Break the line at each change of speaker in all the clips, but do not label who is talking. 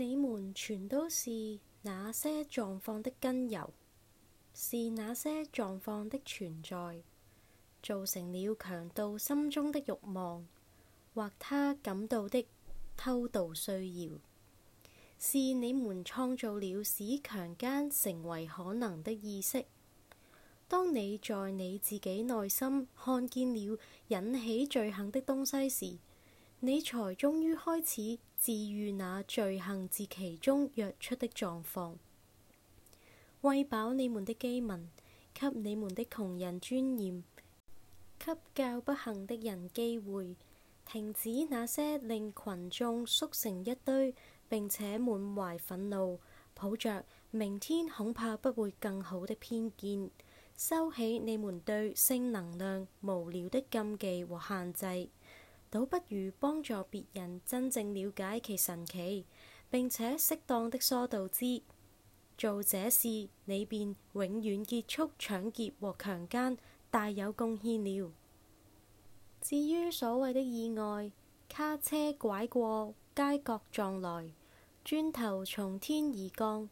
你們全都是那些狀況的根由，是那些狀況的存在，造成了強盜心中的慾望，或他感到的偷盜需要。是你們創造了使強姦成為可能的意識。當你在你自己內心看見了引起罪行的東西時，你才終於開始治癒那罪行自其中躍出的狀況，餵飽你們的饑民，給你們的窮人尊嚴，給較不幸的人機會，停止那些令群眾縮成一堆並且滿懷憤怒、抱着明天恐怕不會更好的偏見，收起你們對性能量無聊的禁忌和限制。倒不如幫助別人真正了解其神奇，並且適當的疏導之。做這事，你便永遠結束搶劫和強奸，大有貢獻了。至於所謂的意外，卡車拐過街角撞來，磚頭從天而降，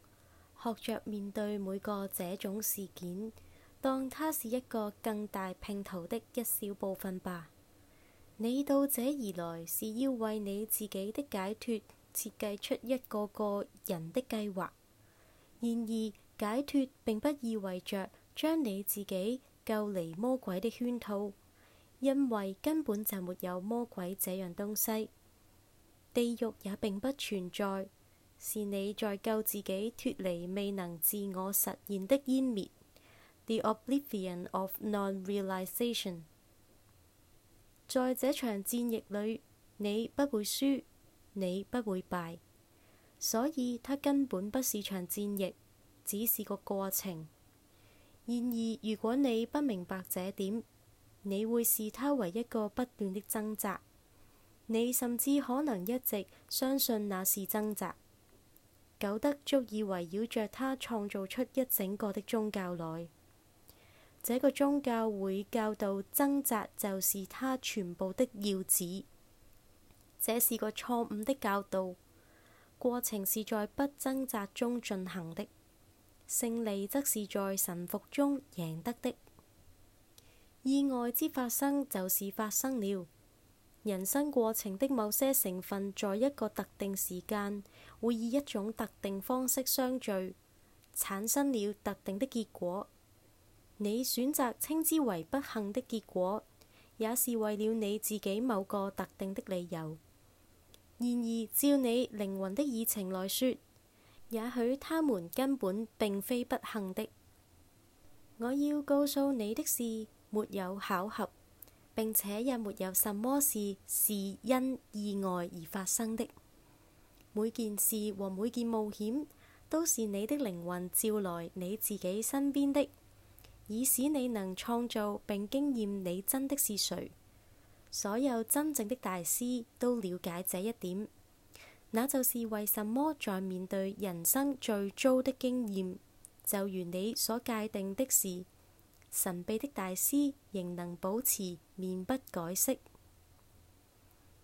學着面對每個這種事件，當它是一個更大拼圖的一小部分吧。你到這兒來是要為你自己的解脫設計出一個個人的計劃。然而，解脫並不意味着將你自己救離魔鬼的圈套，因為根本就沒有魔鬼這樣東西，地獄也並不存在。是你在救自己脫離未能自我實現的湮滅，the oblivion of non-realization。在這場戰役裏，你不會輸，你不會敗，所以它根本不是場戰役，只是個過程。然而，如果你不明白這點，你會視它為一個不斷的掙扎，你甚至可能一直相信那是掙扎，久得足以圍繞着它創造出一整個的宗教來。這個宗教會教導掙扎就是他全部的要旨，這是個錯誤的教導。過程是在不掙扎中進行的，勝利則是在臣服中贏得的。意外之發生就是發生了。人生過程的某些成分，在一個特定時間會以一種特定方式相聚，產生了特定的結果。你選擇稱之為不幸的結果，也是為了你自己某個特定的理由。然而，照你靈魂的議程來說，也許他們根本並非不幸的。我要告訴你的是，沒有巧合，並且也沒有什麼事是因意外而發生的。每件事和每件冒險都是你的靈魂召來你自己身邊的。以使你能創造並經驗你真的是誰。所有真正的大師都了解這一點，那就是為什麼在面對人生最糟的經驗，就如你所界定的事，神秘的大師仍能保持面不改色。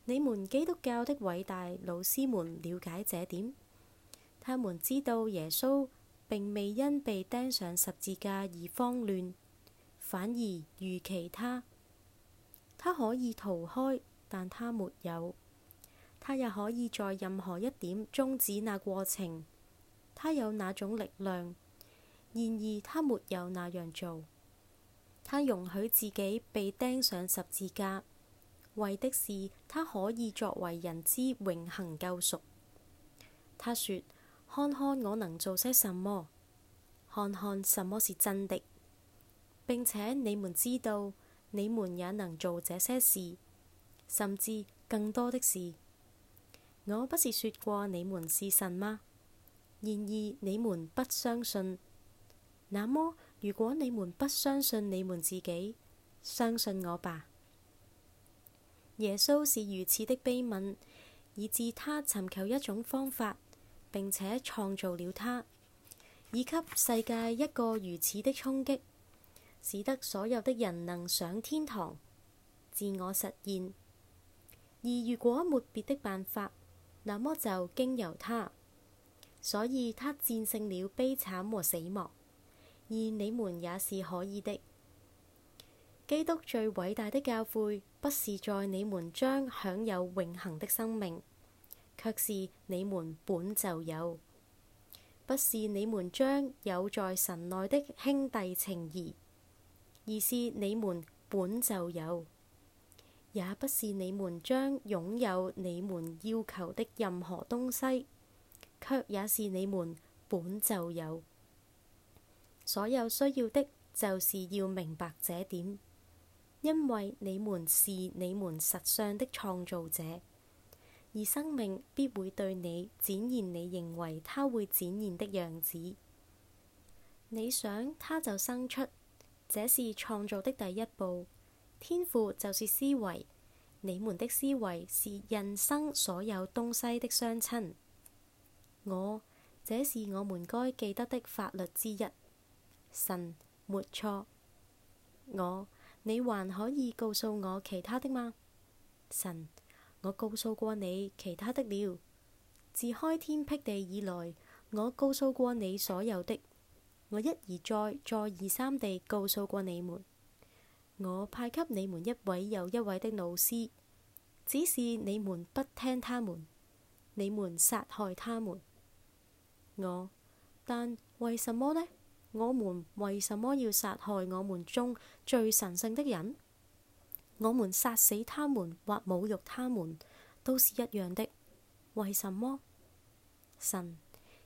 你們基督教的偉大老師們了解這點，他們知道耶穌並未因被釘上十字架而慌亂，反而如其他，他可以逃開，但他沒有。他也可以在任何一點終止那過程，他有那種力量，然而他沒有那樣做。他容許自己被釘上十字架，為的是他可以作為人之永恆救贖。他說：看看我能做些什麼，看看什麼是真的，並且你們知道，你們也能做這些事，甚至更多的事。我不是說過你們是神嗎？然而你們不相信，那麼如果你們不相信你們自己，相信我吧。耶穌是如此的悲憫，以致他尋求一種方法。並且創造了他，以給世界一個如此的衝擊，使得所有的人能上天堂，自我實現。而如果沒別的辦法，那麼就經由他，所以他戰勝了悲慘和死亡。而你們也是可以的。基督最偉大的教誨，不是在你們將享有永恆的生命。卻是你們本就有，不是你們將有在神內的兄弟情誼，而是你們本就有，也不是你們將擁有你們要求的任何東西，卻也是你們本就有。所有需要的，就是要明白這點，因為你們是你們實相的創造者。而生命必會對你展現你認為它會展現的樣子。你想它就生出，這是創造的第一步。天賦就是思維，你們的思維是人生所有東西的雙親。我，這是我們該記得的法律之一。神，沒錯。我，你還可以告訴我其他的嗎？神。我告訴過你其他的了。自開天闢地以來，我告訴過你所有的。我一而再，再而三地告訴過你們。我派給你們一位又一位的老師，只是你們不聽他們，你們殺害他們。我，但為什麼呢？我們為什麼要殺害我們中最神聖的人？我們殺死他們或侮辱他們都是一樣的，為什麼？神，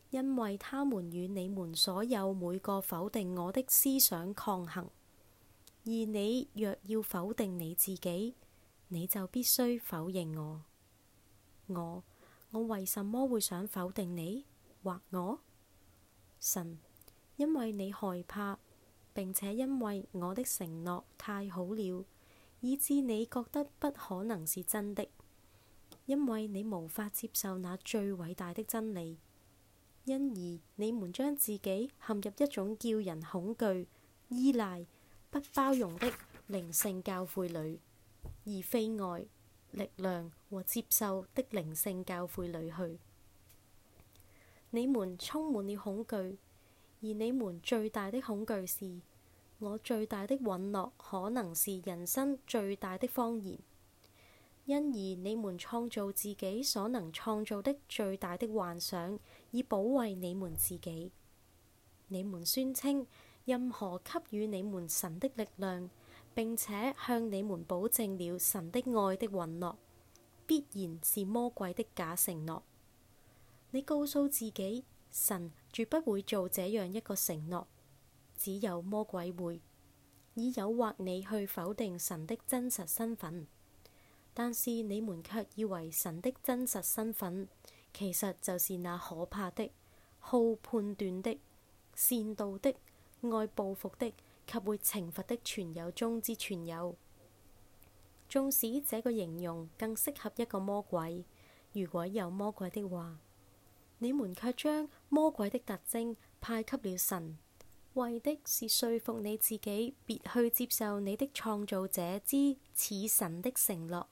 因為他們與你們所有每個否定我的思想抗衡，而你若要否定你自己，你就必須否認我。我，我為什麼會想否定你？或我？神，因為你害怕，並且因為我的承諾太好了。以致你覺得不可能是真的，因為你無法接受那最偉大的真理，因而你們將自己陷入一種叫人恐懼、依賴、不包容的靈性教誨裏，而非愛、力量和接受的靈性教誨裏去。你們充滿了恐懼，而你們最大的恐懼是，我最大的允諾可能是人生最大的謊言，因而你們創造自己所能創造的最大的幻想，以保衛你們自己。你們宣稱任何給予你們神的力量，並且向你們保證了神的愛的允諾，必然是魔鬼的假承諾。你告訴自己，神絕不會做這樣一個承諾。只有魔鬼會以誘惑你去否定神的真實身份，但是你們卻以為神的真實身份其實就是那可怕的、好判斷的、善妒的、愛報復的及會懲罰的全有中之全有。縱使這個形容更適合一個魔鬼，如果有魔鬼的話，你們卻將魔鬼的特徵派給了神。為的是說服你自己，別去接受你的創造者之似神的承諾，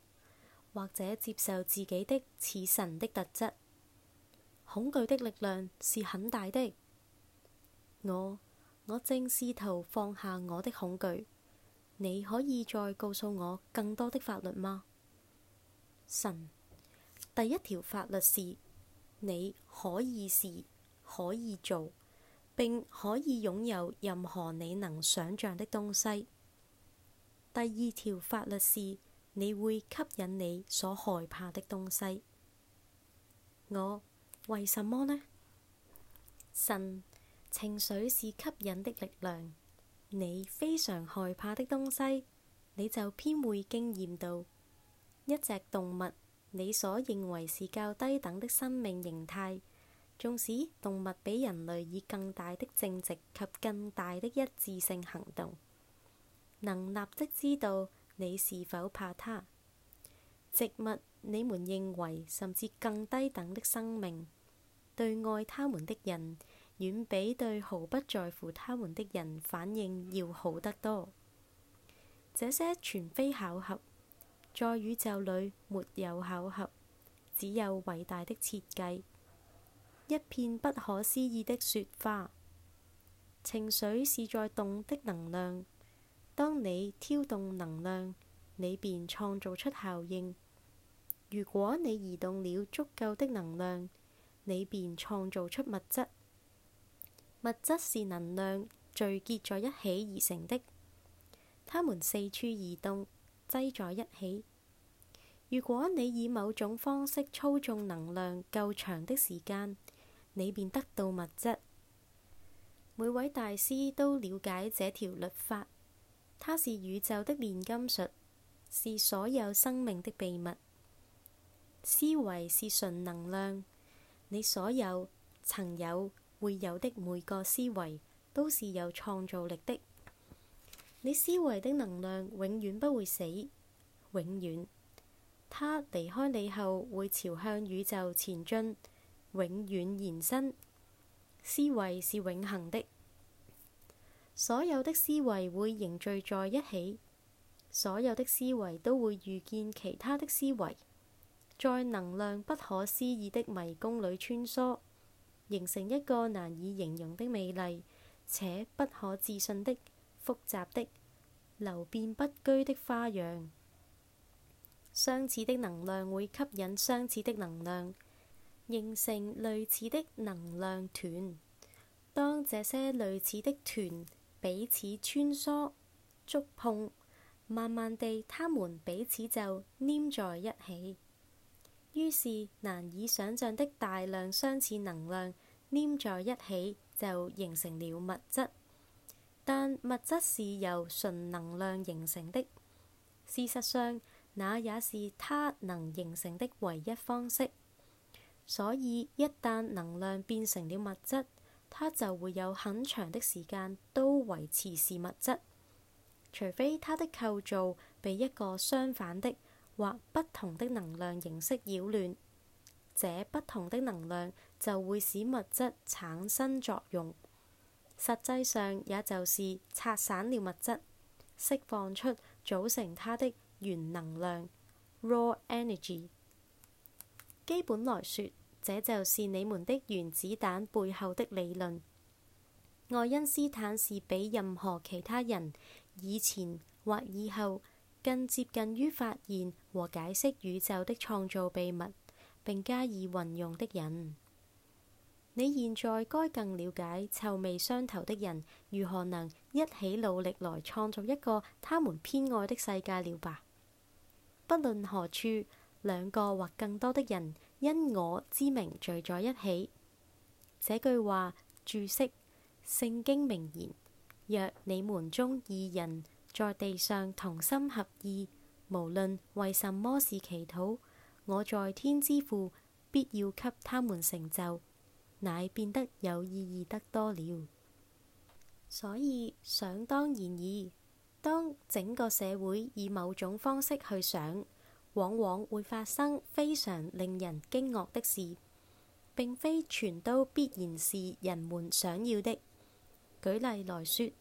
或者接受自己的似神的特質。恐懼的力量是很大的。我，我正試圖放下我的恐懼。你可以再告訴我更多的法律嗎？神，第一條法律是，你可以是，可以做，並可以擁有任何你能想像的東西。第二條法律是，你會吸引你所害怕的東西。我，為什麼呢？神，情緒是吸引的力量。你非常害怕的東西，你就偏會經驗到。一隻動物，你所認為是較低等的生命形態。縱使動物比人類以更大的正直及更大的一致性行動，能立即知道你是否怕它；植物，你們認為甚至更低等的生命，對愛它們的人，遠比對毫不在乎它們的人反應要好得多。這些全非巧合，在宇宙裡沒有巧合，只有偉大的設計。一片不可思議的雪花。情緒是在動的能量。當你挑動能量，你便創造出效應。如果你移動了足夠的能量，你便創造出物質。物質是能量聚結在一起而成的。它們四處移動，擠在一起。如果你以某種方式操縱能量夠長的時間，你便得到物質。每位大師都了解這條律法，它是宇宙的煉金術，是所有生命的秘密。思維是純能量，你所有曾有會有的每個思維都是有創造力的。你思維的能量永遠不會死，永遠。它離開你後會朝向宇宙前進。永遠延伸，思維是永恆的。所有的思維會凝聚在一起，所有的思維都會遇見其他的思維，在能量不可思議的迷宮裡穿梭，形成一個難以形容的美麗且不可置信的複雜的流變不居的花樣。相似的能量會吸引相似的能量。形成類似的能量團，當這些類似的團彼此穿梭、觸碰，慢慢地，他們彼此就黏在一起。於是，難以想像的大量相似能量黏在一起，就形成了物質。但物質是由純能量形成的，事實上，那也是它能形成的唯一方式。所以，一旦能量變成了物質，它就會有很長的時間都維持是物質。除非它的構造被一個相反的或不同的能量形式擾亂，這不同的能量就會使物質產生作用，實際上也就是拆散了物質，釋放出組成它的原能量 （raw energy）。基本來說，這就是你們的原子彈背後的理論。愛因斯坦是比任何其他人以前或以後更接近於發現和解釋宇宙的創造秘密並加以運用的人。你現在該更了解臭味相投的人如何能一起努力來創造一個他們偏愛的世界了吧？不論何處。兩個或更多的人因我之名聚在一起，這句話註釋聖經名言：若你們中二人在地上同心合意，無論為什麼是祈禱，我在天之父必要給他們成就，乃變得有意義得多了。所以想當然耳，當整個社會以某種方式去想。往往會發生非常令人驚愕的事。並非全都必然是人們想要的。舉例來說，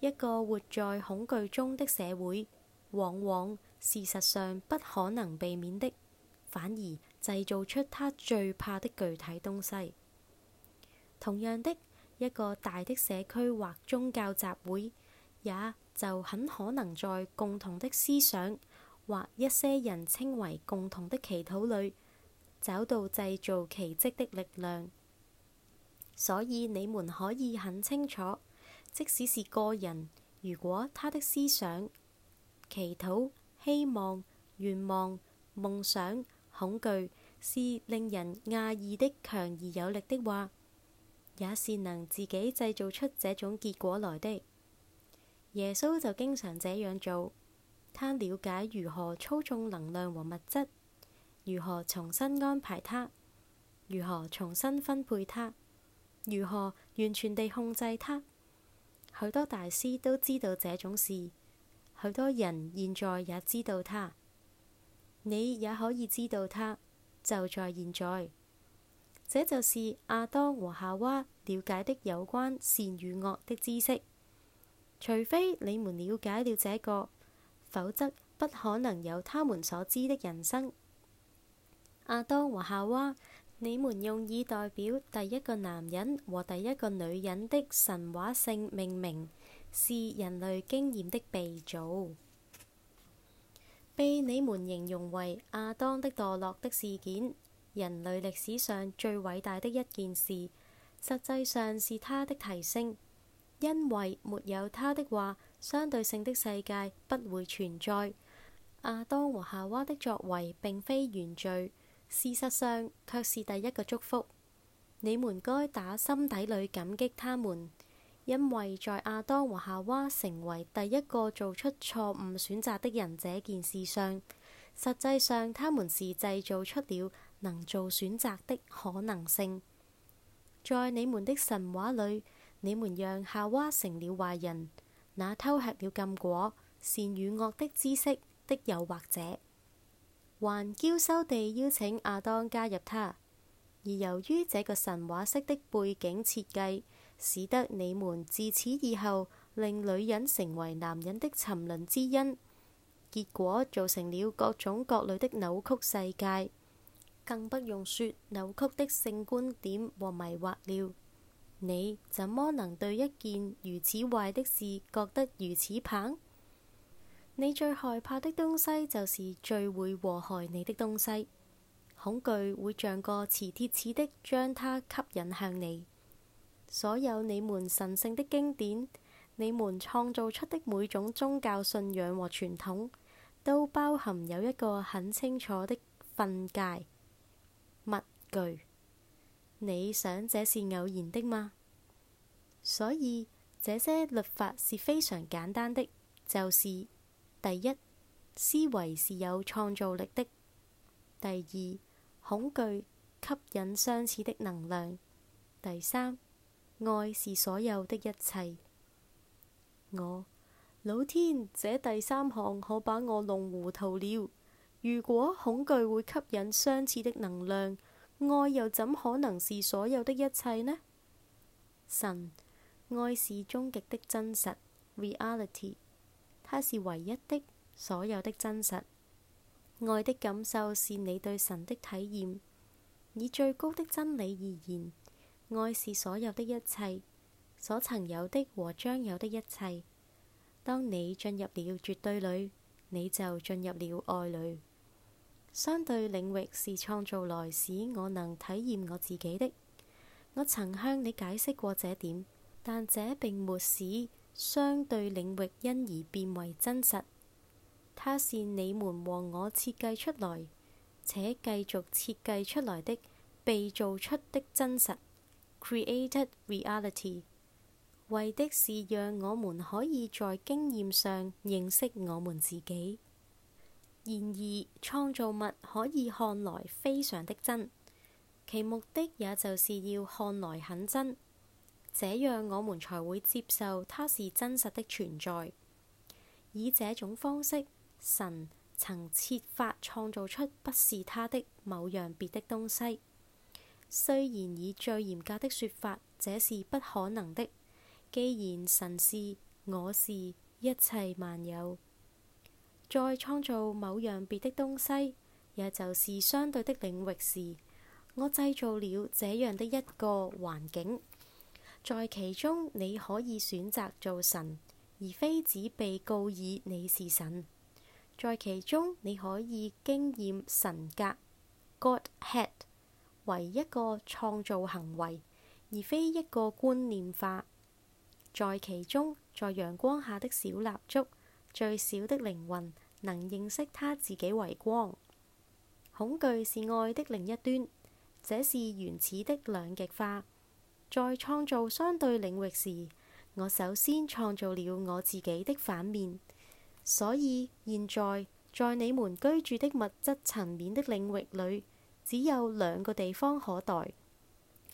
一個活在恐懼中的社會，往往事實上不可能避免的，反而製造出他最怕的具體東西。同樣的，一個大的社區或宗教集會，也就很可能在共同的思想，或一些人稱為共同的祈禱裏，找到製造奇迹的力量。所以你們可以很清楚，即使是個人，如果他的思想、祈禱、希望、願望、夢想、恐懼是令人訝異的強而有力的話，也是能自己製造出這種結果來的。耶穌就經常這樣做。他了解如何操縱能量和物質，如何重新安排它，如何重新分配它，如何完全地控制它。許多大師都知道這種事，許多人現在也知道它，你也可以知道它，就在現在。這就是亞當和夏娃了解的有關善與惡的知識。除非你們了解了這個。否則不可能有他們所知的人生。阿當和夏娃，你們用以代表第一個男人和第一個女人的神話性命名，是人類經驗的鼻祖。被你們形容為亞當的墮落的事件，人類歷史上最偉大的一件事，實際上是他的提升，因為沒有他的話。相對性的世界不會存在。亞當和夏娃的作為並非原罪，事實上卻是第一個祝福。你們該打心底裏感激他們，因為在亞當和夏娃成為第一個做出錯誤選擇的人這件事上，實際上他們是製造出了能做選擇的可能性。在你們的神話裏，你們讓夏娃成了壞人。那偷吃了禁果，善與惡的知識的誘惑者，還嬌羞地邀請阿當加入他。而由於這個神話式的背景設計，使得你們自此以後令女人成為男人的沉淪之因，結果造成了各種各類的扭曲世界，更不用說扭曲的性觀點和迷惑了。你怎麼能對一件如此壞的事覺得如此棒？你最害怕的東西就是最會禍害你的東西，恐懼會像個磁鐵似的將它吸引向你。所有你們神聖的經典，你們創造出的每種宗教信仰和傳統，都包含有一個很清楚的訓誡：勿懼。你想這是偶然的嗎？所以這些律法是非常簡單的，就是第一，思維是有創造力的；第二，恐懼吸引相似的能量；第三，愛是所有的一切。我，老天，這第三項可把我弄糊塗了。如果恐懼會吸引相似的能量，愛又怎可能是所有的一切呢？神，愛是終極的真實 （reality），它是唯一的，所有的真實。愛的感受是你對神的體驗。以最高的真理而言，愛是所有的一切，所曾有的和將有的一切。當你進入了絕對裏，你就進入了愛裏。相對領域是創造來使我能體驗我自己的。我曾向你解釋過這點，但這並沒使相對領域因而變為真實。它是你們和我設計出來且繼續設計出來的被做出的真實 （created reality），為的是讓我們可以在經驗上認識我們自己。然而，創造物可以看來非常的真，其目的也就是要看來很真，這樣我們才會接受它是真實的存在。以這種方式，神曾設法創造出不是他的某樣別的東西，雖然以最嚴格的說法，這是不可能的。既然神是，我是，一切萬有。在創造某樣別的東西，也就是相對的領域時，我製造了這樣的一個環境，在其中你可以選擇做神，而非只被告以你是神。在其中你可以經驗神格 Godhead 為一個創造行為，而非一個觀念化。在其中，在陽光下的小蠟燭。最小的靈魂能認識他自己為光。恐懼是愛的另一端，這是原始的兩極化。在創造相對領域時，我首先創造了我自己的反面，所以現在在你們居住的物質層面的領域裡，只有兩個地方可待：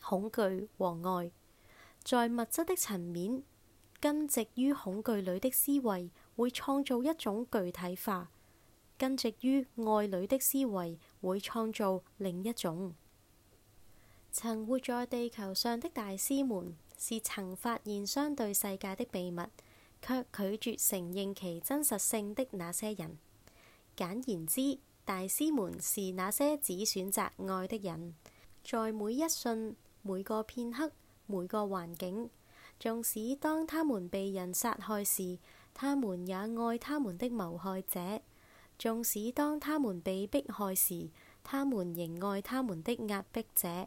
恐懼和愛。在物質的層面，根植於恐懼裡的思維。會創造一種具體化，根植於愛裏的思維，會創造另一種。曾活在地球上的大師們，是曾發現相對世界的秘密，卻拒絕承認其真實性的那些人。簡言之，大師們是那些只選擇愛的人，在每一瞬、每個片刻、每個環境，縱使當他們被人殺害時。他們也愛他們的謀害者，縱使當他們被迫害時，他們仍愛他們的壓迫者。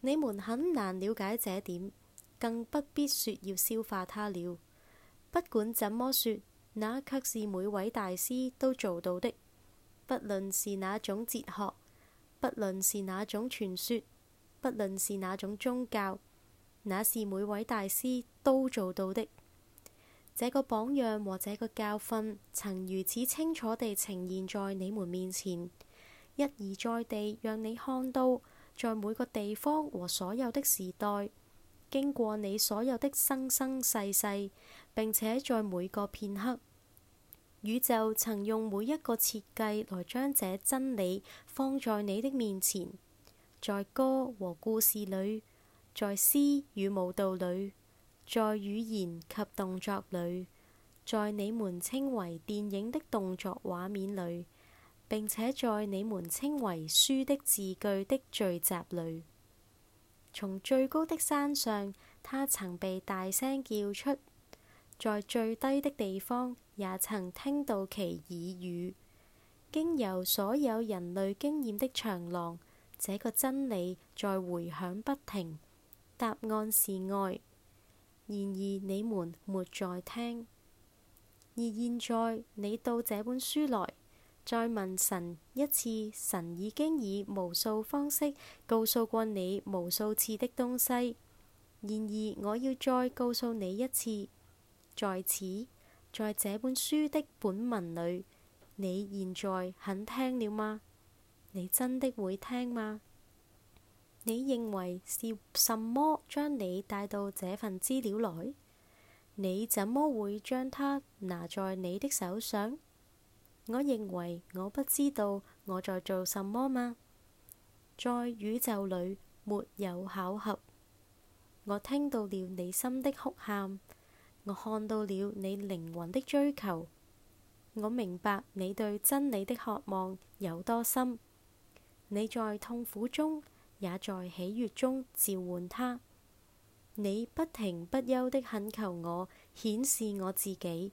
你們很難了解這點，更不必說要消化它了。不管怎麼說，那卻是每位大師都做到的，不論是哪種哲學，不論是哪種傳說，不論是哪種宗教，那是每位大師都做到的。這個榜樣和這個教訓，曾如此清楚地呈現在你們面前，一而再地讓你看到，在每個地方和所有的時代，經過你所有的生生世世，並且在每個片刻，宇宙曾用每一個設計來將這真理放在你的面前，在歌和故事裏，在詩與舞蹈裏。在語言及動作裏，在你們稱為電影的動作畫面裏，并且在你們稱為書的字句的聚集裏，從最高的山上，他曾被大聲叫出；在最低的地方，也曾聽到其耳語。經由所有人類經驗的長廊，這個真理在回響不停。答案是愛。然而你們沒在聽，而現在你到這本書來，再問神一次，神已經以無數方式告訴過你無數次的東西。然而我要再告訴你一次，在此，在這本書的本文裏，你現在肯聽了嗎？你真的會聽嗎？你認為是什麼將你帶到這份資料來？你怎麼會將它拿在你的手上？我認為我不知道我在做什麼嗎？在宇宙裏沒有巧合。我聽到了你心的哭喊，我看到了你靈魂的追求，我明白你對真理的渴望有多深。你在痛苦中。也在喜悅中召喚他，你不停不休的懇求我，顯示我自己，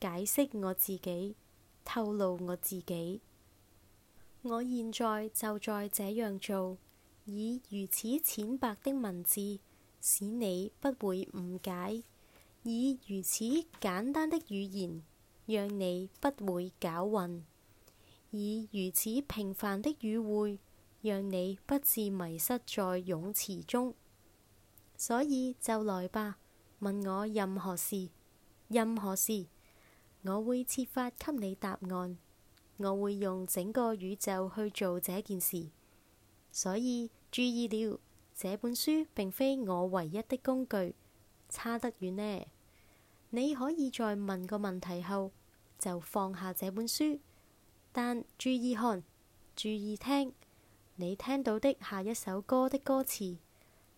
解釋我自己，透露我自己。我現在就在這樣做，以如此淺白的文字，使你不會誤解；以如此簡單的語言，讓你不會搞混；以如此平凡的語彙。讓你不至迷失在泳池中，所以就來吧。問我任何事，任何事，我會設法給你答案。我會用整個宇宙去做這件事。所以注意了，這本書並非我唯一的工具，差得遠呢。你可以在問個問題後就放下這本書，但注意看，注意聽。你聽到的下一首歌的歌詞，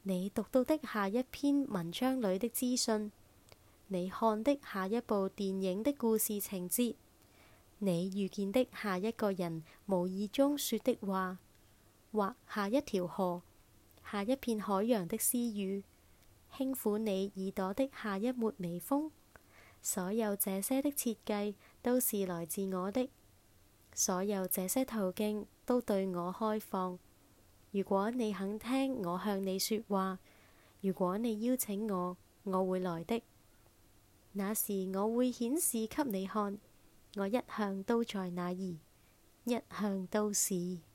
你讀到的下一篇文章裏的資訊，你看的下一部電影的故事情節，你遇見的下一個人無意中說的話，或下一條河、下一片海洋的私語，輕撫你耳朵的下一抹微風，所有這些的設計都是來自我的。所有這些途徑都對我開放。如果你肯聽我向你説話，如果你邀請我，我會來的。那時我會顯示給你看，我一向都在那兒，一向都是。